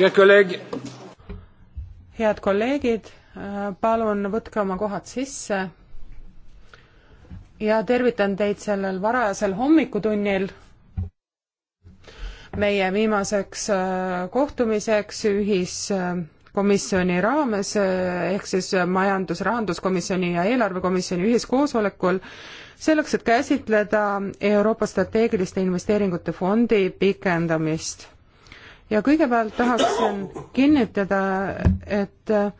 head kolleegid, palun võtke oma kohad sisse ja tervitan teid sellel varajasel hommikutunnil meie viimaseks äh, kohtumiseks ühiskomisjoni raames äh, ehk siis majandus-, rahanduskomisjoni ja eelarvekomisjoni ühiskoosolekul selleks, et käsitleda Euroopa strateegiliste investeeringute fondi pikendamist ja kõigepealt tahaksin kinnitada, et äh,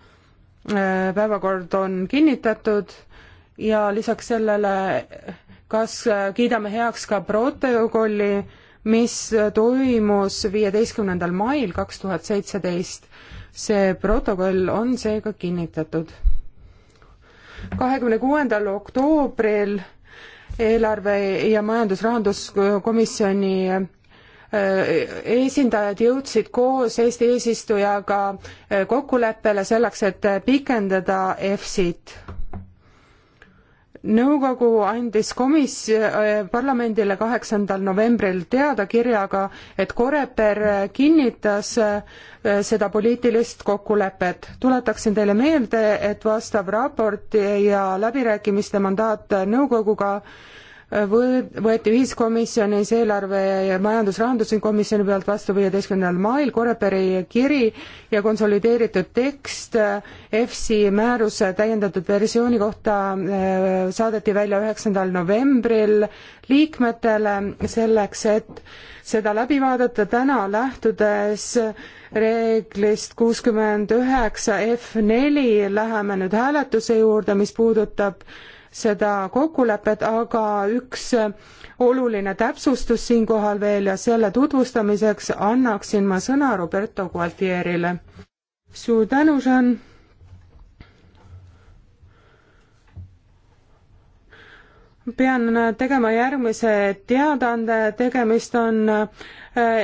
päevakord on kinnitatud ja lisaks sellele, kas äh, kiidame heaks ka protokolli, mis toimus viieteistkümnendal mail kaks tuhat seitseteist. see protokoll on seega kinnitatud. kahekümne kuuendal oktoobril eelarve ja majandus-rahanduskomisjoni Äh, esindajad jõudsid koos Eesti eesistujaga äh, kokkuleppele selleks, et äh, pikendada EFSit. nõukogu andis komis-, parlamendile kaheksandal novembril teada kirjaga, et Koreper kinnitas seda poliitilist kokkulepet. tuletaksin teile meelde, et vastav raport ja läbirääkimiste mandaat nõukoguga võeti ühiskomisjonis eelarve ja majandus-rahanduskomisjoni pealt vastu viieteistkümnendal mail Koreperi kiri ja konsolideeritud tekst EFSI määruse täiendatud versiooni kohta äh, saadeti välja üheksandal novembril liikmetele selleks, et seda läbi vaadata täna lähtudes reeglist kuuskümmend üheksa F neli läheme nüüd hääletuse juurde, mis puudutab seda kokkulepet, aga üks oluline täpsustus siinkohal veel ja selle tutvustamiseks annaksin ma sõna Roberto Gualtierile. suur tänu, Jean pean tegema järgmise teadaande, tegemist on äh,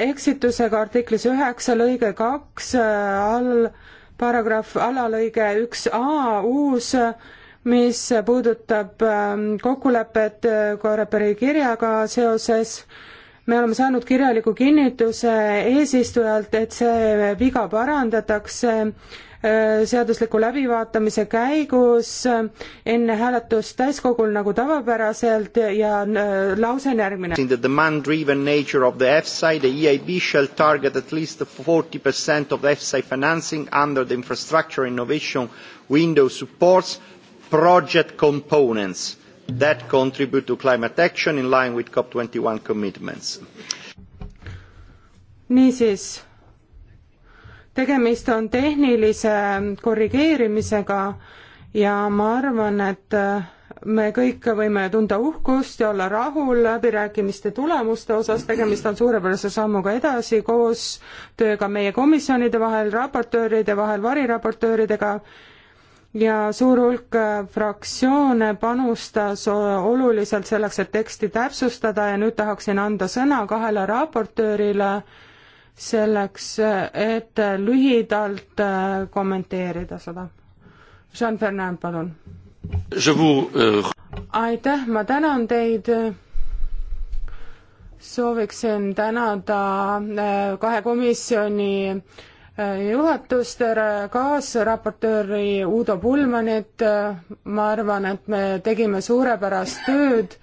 eksitusega artiklis üheksa lõige kaks äh, all paragrahv alalõige üks A uus mis puudutab ähm, kokkulepet äh, Korrapere kirjaga seoses, me oleme saanud kirjaliku kinnituse eesistujalt, et see viga parandatakse äh, seadusliku läbivaatamise käigus äh, enne hääletust täiskogul nagu tavapäraselt ja lause on järgmine. In the demand driven nature of the EFSI, the EIB shall target at least forty percent of the EFSI financing under the infrastructure innovation window supports project components that contribute to climate action in line with COP21 commitments. niisiis, tegemist on tehnilise korrigeerimisega ja ma arvan, et äh, me kõik võime tunda uhkust ja olla rahul läbirääkimiste tulemuste osas, tegemist on suurepärase sammuga edasi koostööga meie komisjonide vahel, raportööride vahel, variraportööridega ja suur hulk äh, fraktsioone panustas oluliselt selleks, et teksti täpsustada ja nüüd tahaksin anda sõna kahele raportöörile selleks, et lühidalt äh, kommenteerida seda. Jean-Fernand, palun. Euh, aitäh, ma tänan teid sooviksin tänada äh, kahe komisjoni juhatust, kaasraportööri Uudo Pulmanit, ma arvan, et me tegime suurepärast tööd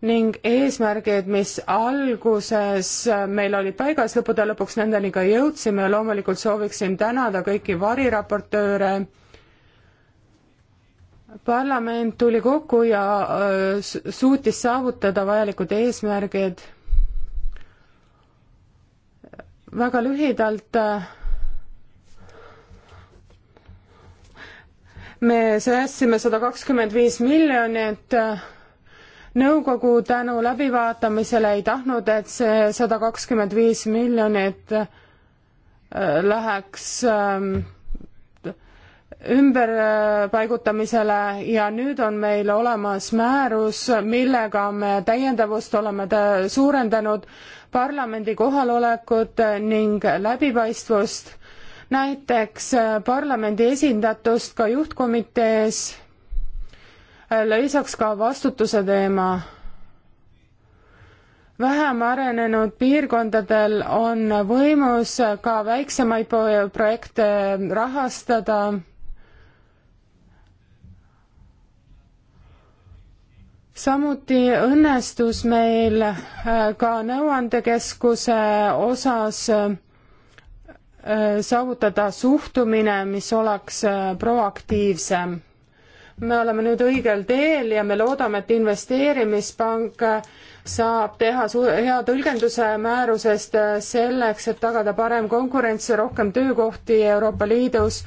ning eesmärgid, mis alguses meil olid paigas, lõppude lõpuks nendeni ka jõudsime ja loomulikult sooviksin tänada kõiki variraportööre. parlament tuli kokku ja äh, suutis saavutada vajalikud eesmärgid. väga lühidalt äh, me säästsime sada kakskümmend viis miljonit, äh, nõukogu tänu läbivaatamisele ei tahtnud, et see sada kakskümmend viis miljonit äh, läheks ähm, ümberpaigutamisele ja nüüd on meil olemas määrus, millega me täiendavust oleme suurendanud, parlamendi kohalolekut ning läbipaistvust näiteks äh, parlamendi esindatust ka juhtkomitees, äh, lisaks ka vastutuse teema vähem arenenud piirkondadel on võimus ka väiksemaid projekte rahastada. samuti õnnestus meil äh, ka nõuandekeskuse osas Äh, saavutada suhtumine, mis oleks äh, proaktiivsem. me oleme nüüd õigel teel ja me loodame, et investeerimispank äh, saab teha su-, hea tõlgenduse määrusest selleks, et tagada parem konkurents ja rohkem töökohti Euroopa Liidus,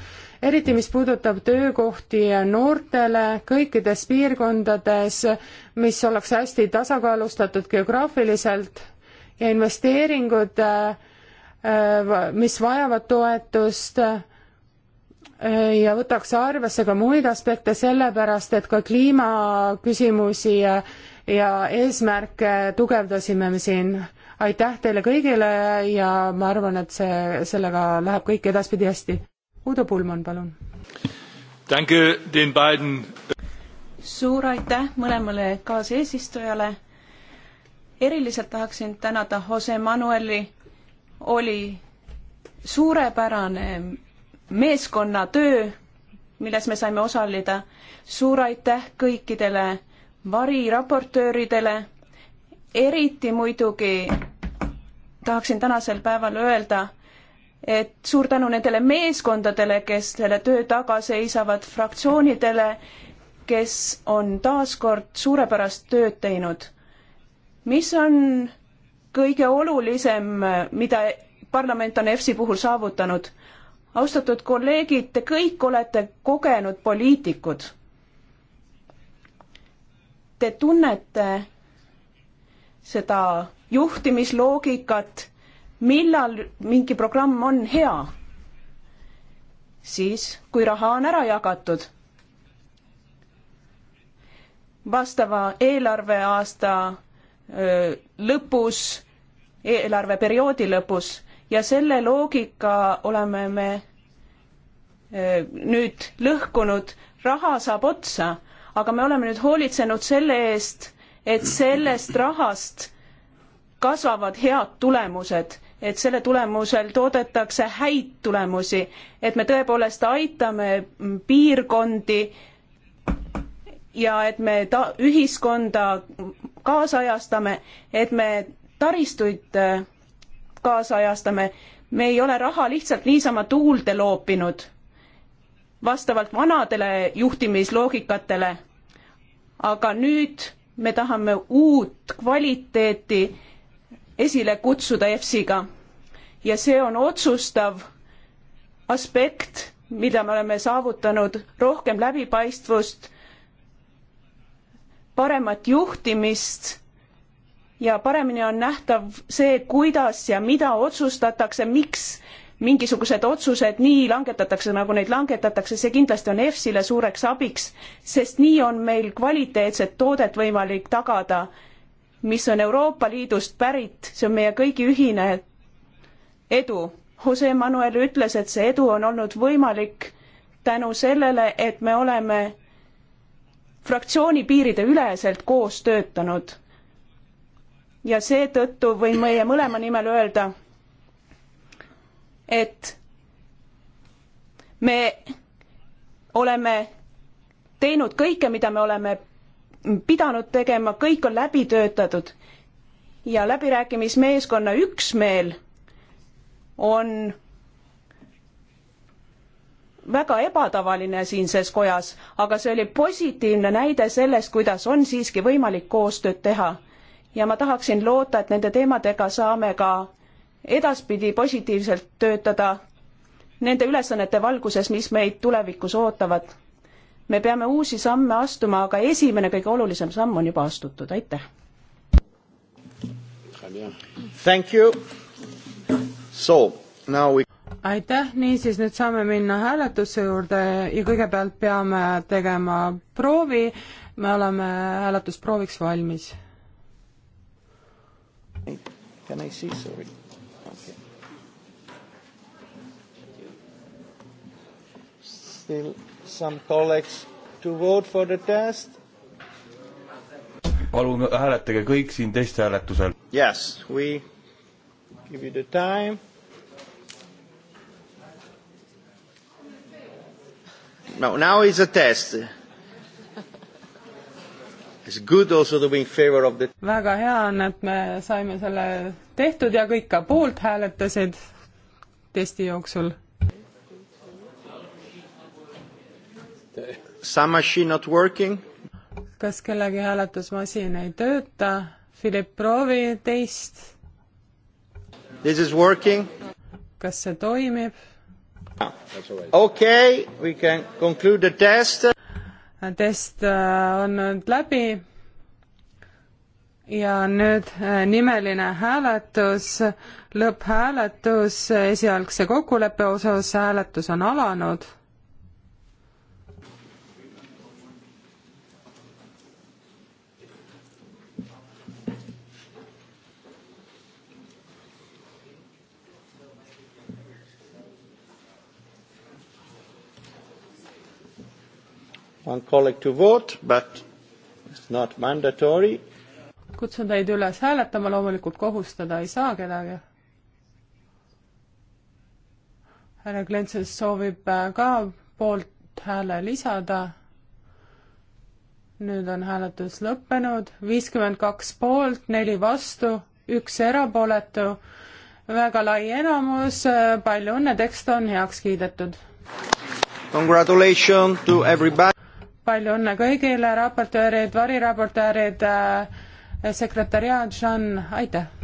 eriti mis puudutab töökohti noortele kõikides piirkondades, mis oleks hästi tasakaalustatud geograafiliselt ja investeeringud äh, Äh, mis vajavad toetust äh, ja võtaks arvesse ka muid aspekte, sellepärast et ka kliimaküsimusi ja eesmärke tugevdasime me siin. aitäh teile kõigile ja ma arvan, et see, sellega läheb kõik edaspidi hästi. Udo Pulman, palun. suur aitäh mõlemale kaaseesistujale. eriliselt tahaksin tänada Jose Manueli oli suurepärane meeskonnatöö, milles me saime osaleda. suur aitäh kõikidele variraportööridele, eriti muidugi tahaksin tänasel päeval öelda, et suur tänu nendele meeskondadele, kes selle töö taga seisavad, fraktsioonidele, kes on taas kord suurepärast tööd teinud. mis on kõige olulisem, mida parlament on EFSi puhul saavutanud. austatud kolleegid, te kõik olete kogenud poliitikud. Te tunnete seda juhtimisloogikat, millal mingi programm on hea. siis, kui raha on ära jagatud. vastava eelarveaasta lõpus, eelarveperioodi lõpus ja selle loogika oleme me nüüd lõhkunud, raha saab otsa, aga me oleme nüüd hoolitsenud selle eest, et sellest rahast kasvavad head tulemused, et selle tulemusel toodetakse häid tulemusi, et me tõepoolest aitame piirkondi ja et me ta-, ühiskonda kaasajastame, et me taristuid äh, kaasajastame, me ei ole raha lihtsalt niisama tuulde loopinud vastavalt vanadele juhtimisloogikatele. aga nüüd me tahame uut kvaliteeti esile kutsuda EFSiga ja see on otsustav aspekt, mida me oleme saavutanud, rohkem läbipaistvust paremat juhtimist ja paremini on nähtav see, kuidas ja mida otsustatakse, miks mingisugused otsused nii langetatakse, nagu neid langetatakse, see kindlasti on EFSile suureks abiks, sest nii on meil kvaliteetset toodet võimalik tagada, mis on Euroopa Liidust pärit, see on meie kõigi ühine edu. Jose Manuel ütles, et see edu on olnud võimalik tänu sellele, et me oleme fraktsiooni piiride üleselt koos töötanud. ja seetõttu võin meie mõlema nimel öelda, et me oleme teinud kõike, mida me oleme pidanud tegema, kõik on läbi töötatud ja läbirääkimismeeskonna üksmeel on väga ebatavaline siinses kojas, aga see oli positiivne näide sellest, kuidas on siiski võimalik koostööd teha. ja ma tahaksin loota, et nende teemadega saame ka edaspidi positiivselt töötada nende ülesannete valguses, mis meid tulevikus ootavad. me peame uusi samme astuma, aga esimene, kõige olulisem samm on juba astutud, aitäh. Thank you. So now we aitäh, niisiis nüüd saame minna hääletuse juurde ja kõigepealt peame tegema proovi. me oleme hääletusprooviks valmis. Can I see, sorry? Okay. Still some colleagues to vote for the test. palun hääletage kõik siin testhääletusel. Yes, we give you the time No, now is a test. It's good also to be in favor of the väga hea on, et me saime selle tehtud ja kõik ka poolt hääletasid testi jooksul. Some machine not working? kas kellegi hääletusmasin ei tööta? Philip, proovi teist. This is working? kas see toimib? okei ah. okay,, we can conclude the test. test äh, on nüüd läbi. ja nüüd äh, nimeline hääletus, lõpphääletus esialgse kokkuleppe osas, hääletus on alanud one colleague to vote, but it's not mandatory. kutsun teid üles hääletama, loomulikult kohustada ei saa kedagi. härra Klentses soovib äh, ka poolt hääle lisada. nüüd on hääletus lõppenud, viiskümmend kaks poolt, neli vastu, üks erapooletu, väga lai enamus, äh, palju õnne, tekst on heaks kiidetud. Congratulations to everybody palju õnne kõigile, raportöörid, variraportöörid, äh, sekretäriaat, Jean, aitäh!